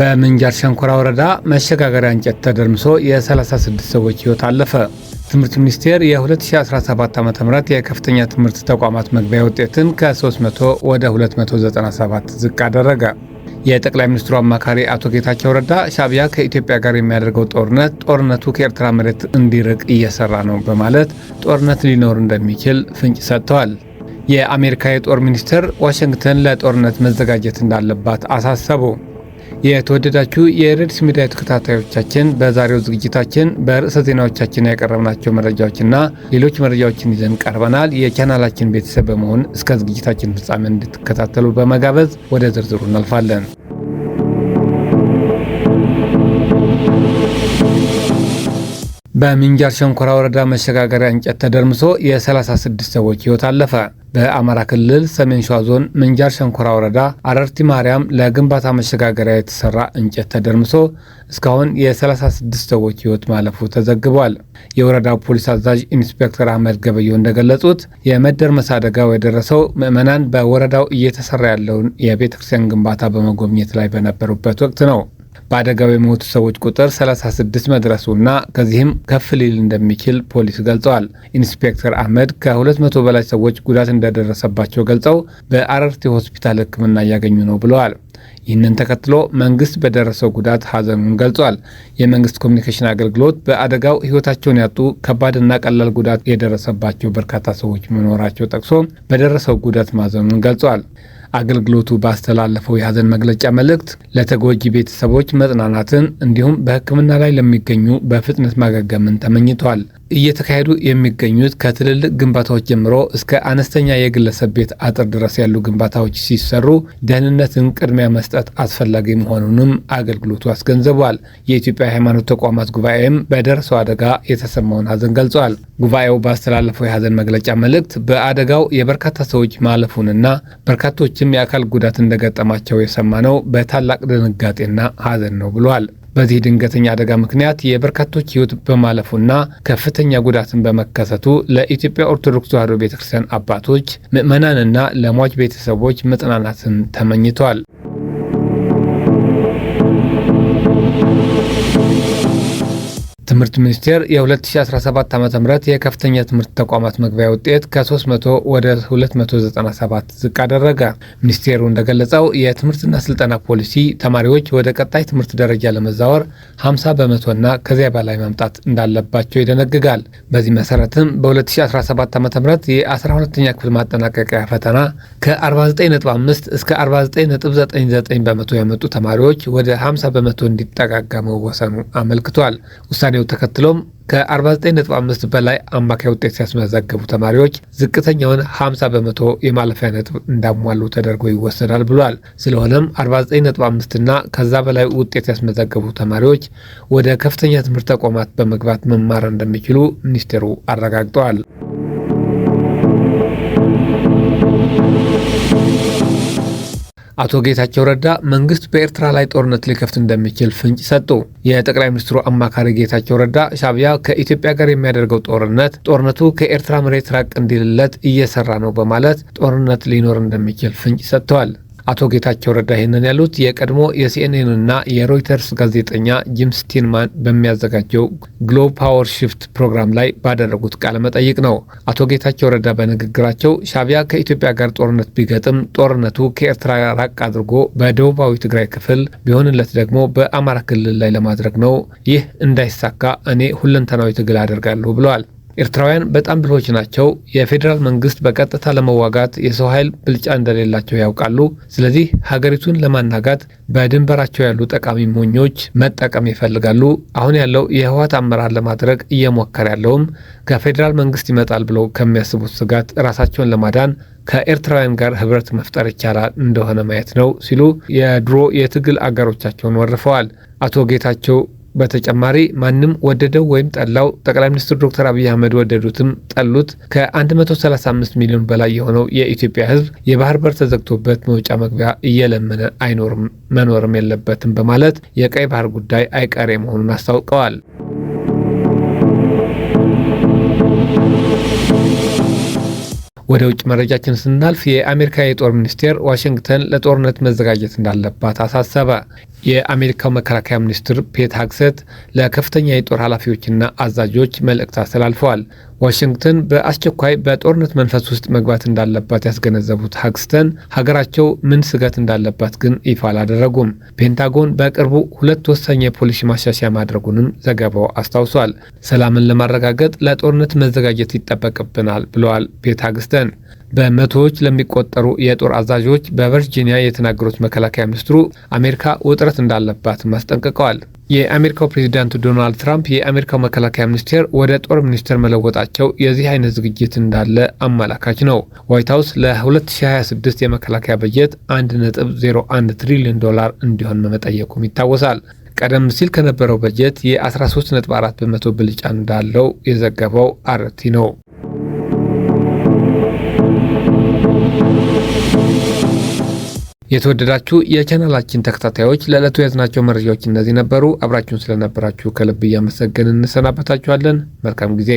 በምንጃር ሸንኮራ ወረዳ መሸጋገሪያ እንጨት ተደርምሶ የ36 ሰዎች ህይወት አለፈ። ትምህርት ሚኒስቴር የ2017 ዓ ም የከፍተኛ ትምህርት ተቋማት መግቢያ ውጤትን ከ300 ወደ 297 ዝቅ አደረገ። የጠቅላይ ሚኒስትሩ አማካሪ አቶ ጌታቸው ረዳ ሻዕቢያ ከኢትዮጵያ ጋር የሚያደርገው ጦርነት ጦርነቱ ከኤርትራ መሬት እንዲርቅ እየሰራ ነው በማለት ጦርነት ሊኖር እንደሚችል ፍንጭ ሰጥተዋል። የአሜሪካ የጦር ሚኒስትር ዋሽንግተን ለጦርነት መዘጋጀት እንዳለባት አሳሰቡ። የተወደዳችሁ የሬድስ ሚዲያ ተከታታዮቻችን በዛሬው ዝግጅታችን በርዕሰ ዜናዎቻችን ያቀረብናቸው መረጃዎችና ሌሎች መረጃዎችን ይዘን ቀርበናል። የቻናላችን ቤተሰብ በመሆን እስከ ዝግጅታችን ፍጻሜ እንድትከታተሉ በመጋበዝ ወደ ዝርዝሩ እናልፋለን። በምንጃር ሸንኮራ ወረዳ መሸጋገሪያ እንጨት ተደርምሶ የ36 ሰዎች ሕይወት አለፈ። በአማራ ክልል ሰሜን ሸዋ ዞን ምንጃር ሸንኮራ ወረዳ አረርቲ ማርያም ለግንባታ መሸጋገሪያ የተሰራ እንጨት ተደርምሶ እስካሁን የ36 ሰዎች ሕይወት ማለፉ ተዘግቧል። የወረዳው ፖሊስ አዛዥ ኢንስፔክተር አህመድ ገበየው እንደገለጹት የመደርመስ አደጋው የደረሰው ምዕመናን በወረዳው እየተሰራ ያለውን የቤተ ክርስቲያን ግንባታ በመጎብኘት ላይ በነበሩበት ወቅት ነው። በአደጋው የሞቱ ሰዎች ቁጥር 36 መድረሱና ከዚህም ከፍ ሊል እንደሚችል ፖሊስ ገልጸዋል። ኢንስፔክተር አህመድ ከ200 በላይ ሰዎች ጉዳት እንደደረሰባቸው ገልጸው በአረርቲ ሆስፒታል ሕክምና እያገኙ ነው ብለዋል። ይህንን ተከትሎ መንግስት በደረሰው ጉዳት ሐዘኑን ገልጿል። የመንግስት ኮሚኒኬሽን አገልግሎት በአደጋው ህይወታቸውን ያጡ ከባድና ቀላል ጉዳት የደረሰባቸው በርካታ ሰዎች መኖራቸው ጠቅሶ በደረሰው ጉዳት ማዘኑን ገልጿል። አገልግሎቱ ባስተላለፈው የሀዘን መግለጫ መልእክት ለተጎጂ ቤተሰቦች መጽናናትን እንዲሁም በሕክምና ላይ ለሚገኙ በፍጥነት ማገገምን ተመኝቷል። እየተካሄዱ የሚገኙት ከትልልቅ ግንባታዎች ጀምሮ እስከ አነስተኛ የግለሰብ ቤት አጥር ድረስ ያሉ ግንባታዎች ሲሰሩ ደህንነትን ቅድሚያ መስጠት አስፈላጊ መሆኑንም አገልግሎቱ አስገንዝቧል። የኢትዮጵያ ሃይማኖት ተቋማት ጉባኤም በደረሰው አደጋ የተሰማውን ሐዘን ገልጿል። ጉባኤው ባስተላለፈው የሐዘን መግለጫ መልእክት በአደጋው የበርካታ ሰዎች ማለፉንና በርካቶችም የአካል ጉዳት እንደገጠማቸው የሰማነው በታላቅ ድንጋጤና ሐዘን ነው ብሏል። በዚህ ድንገተኛ አደጋ ምክንያት የበርካቶች ሕይወት በማለፉና ከፍተኛ ጉዳትን በመከሰቱ ለኢትዮጵያ ኦርቶዶክስ ተዋሕዶ ቤተክርስቲያን አባቶች ምእመናንና ለሟች ቤተሰቦች መጽናናትን ተመኝተዋል። ትምህርት ሚኒስቴር የ2017 ዓ ም የከፍተኛ ትምህርት ተቋማት መግቢያ ውጤት ከ300 ወደ 297 ዝቅ አደረገ። ሚኒስቴሩ እንደገለጸው የትምህርትና ስልጠና ፖሊሲ ተማሪዎች ወደ ቀጣይ ትምህርት ደረጃ ለመዛወር 50 በመቶና ከዚያ በላይ ማምጣት እንዳለባቸው ይደነግጋል። በዚህ መሰረትም በ2017 ዓ ም የ12ኛ ክፍል ማጠናቀቂያ ፈተና ከ49.5 እስከ 49.99 በመቶ ያመጡ ተማሪዎች ወደ 50 በመቶ እንዲጠጋገሙ ወሰኑ አመልክቷል። ውሳኔው ተከትሎም ከ49.5 በላይ አማካይ ውጤት ሲያስመዘገቡ ተማሪዎች ዝቅተኛውን 50 በመቶ የማለፊያ ነጥብ እንዳሟሉ ተደርጎ ይወሰዳል ብሏል። ስለሆነም 49.5 እና ከዛ በላይ ውጤት ያስመዘገቡ ተማሪዎች ወደ ከፍተኛ ትምህርት ተቋማት በመግባት መማር እንደሚችሉ ሚኒስቴሩ አረጋግጠዋል። አቶ ጌታቸው ረዳ መንግስት በኤርትራ ላይ ጦርነት ሊከፍት እንደሚችል ፍንጭ ሰጡ። የጠቅላይ ሚኒስትሩ አማካሪ ጌታቸው ረዳ ሻቢያ ከኢትዮጵያ ጋር የሚያደርገው ጦርነት ጦርነቱ ከኤርትራ መሬት ራቅ እንዲልለት እየሰራ ነው በማለት ጦርነት ሊኖር እንደሚችል ፍንጭ ሰጥተዋል። አቶ ጌታቸው ረዳ ይህንን ያሉት የቀድሞ የሲኤንኤንና የሮይተርስ ጋዜጠኛ ጂም ስቲንማን በሚያዘጋጀው ግሎብ ፓወር ሽፍት ፕሮግራም ላይ ባደረጉት ቃለ መጠይቅ ነው። አቶ ጌታቸው ረዳ በንግግራቸው ሻቢያ ከኢትዮጵያ ጋር ጦርነት ቢገጥም ጦርነቱ ከኤርትራ ራቅ አድርጎ በደቡባዊ ትግራይ ክፍል ቢሆንለት ደግሞ በአማራ ክልል ላይ ለማድረግ ነው። ይህ እንዳይሳካ እኔ ሁለንተናዊ ትግል አደርጋለሁ ብለዋል። ኤርትራውያን በጣም ብልሆች ናቸው። የፌዴራል መንግስት በቀጥታ ለመዋጋት የሰው ኃይል ብልጫ እንደሌላቸው ያውቃሉ። ስለዚህ ሀገሪቱን ለማናጋት በድንበራቸው ያሉ ጠቃሚ ሞኞች መጠቀም ይፈልጋሉ። አሁን ያለው የህወሓት አመራር ለማድረግ እየሞከረ ያለውም ከፌዴራል መንግስት ይመጣል ብለው ከሚያስቡት ስጋት ራሳቸውን ለማዳን ከኤርትራውያን ጋር ህብረት መፍጠር ይቻላል እንደሆነ ማየት ነው ሲሉ የድሮ የትግል አጋሮቻቸውን ወርፈዋል። አቶ ጌታቸው በተጨማሪ ማንም ወደደው ወይም ጠላው ጠቅላይ ሚኒስትር ዶክተር አብይ አህመድ ወደዱትም ጠሉት ከ135 ሚሊዮን በላይ የሆነው የኢትዮጵያ ሕዝብ የባህር በር ተዘግቶበት መውጫ መግቢያ እየለመነ አይኖርም መኖርም የለበትም በማለት የቀይ ባህር ጉዳይ አይቀሬ መሆኑን አስታውቀዋል። ወደ ውጭ መረጃችን ስናልፍ የአሜሪካ የጦር ሚኒስቴር ዋሽንግተን ለጦርነት መዘጋጀት እንዳለባት አሳሰበ። የአሜሪካው መከላከያ ሚኒስትር ፔት ሀግሰት ለከፍተኛ የጦር ኃላፊዎችና አዛዦች መልእክት አስተላልፈዋል። ዋሽንግተን በአስቸኳይ በጦርነት መንፈስ ውስጥ መግባት እንዳለባት ያስገነዘቡት ሀግስተን ሀገራቸው ምን ስጋት እንዳለባት ግን ይፋ አላደረጉም። ፔንታጎን በቅርቡ ሁለት ወሳኝ የፖሊሲ ማሻሻያ ማድረጉንም ዘገባው አስታውሷል። ሰላምን ለማረጋገጥ ለጦርነት መዘጋጀት ይጠበቅብናል ብለዋል ፔት ሀግስተን። በመቶዎች ለሚቆጠሩ የጦር አዛዦች በቨርጂኒያ የተናገሩት መከላከያ ሚኒስትሩ አሜሪካ ውጥረት እንዳለባት አስጠንቅቀዋል። የአሜሪካው ፕሬዚዳንት ዶናልድ ትራምፕ የአሜሪካው መከላከያ ሚኒስቴር ወደ ጦር ሚኒስቴር መለወጣቸው የዚህ አይነት ዝግጅት እንዳለ አመላካች ነው። ዋይት ሀውስ ለ2026 የመከላከያ በጀት 1.01 ትሪሊዮን ዶላር እንዲሆን መጠየቁም ይታወሳል። ቀደም ሲል ከነበረው በጀት የ13.4 በመቶ ብልጫ እንዳለው የዘገበው አርቲ ነው። የተወደዳችሁ የቻናላችን ተከታታዮች ለዕለቱ የያዝናቸው መረጃዎች እነዚህ ነበሩ። አብራችሁን ስለነበራችሁ ከልብ እያመሰገን እንሰናበታችኋለን። መልካም ጊዜ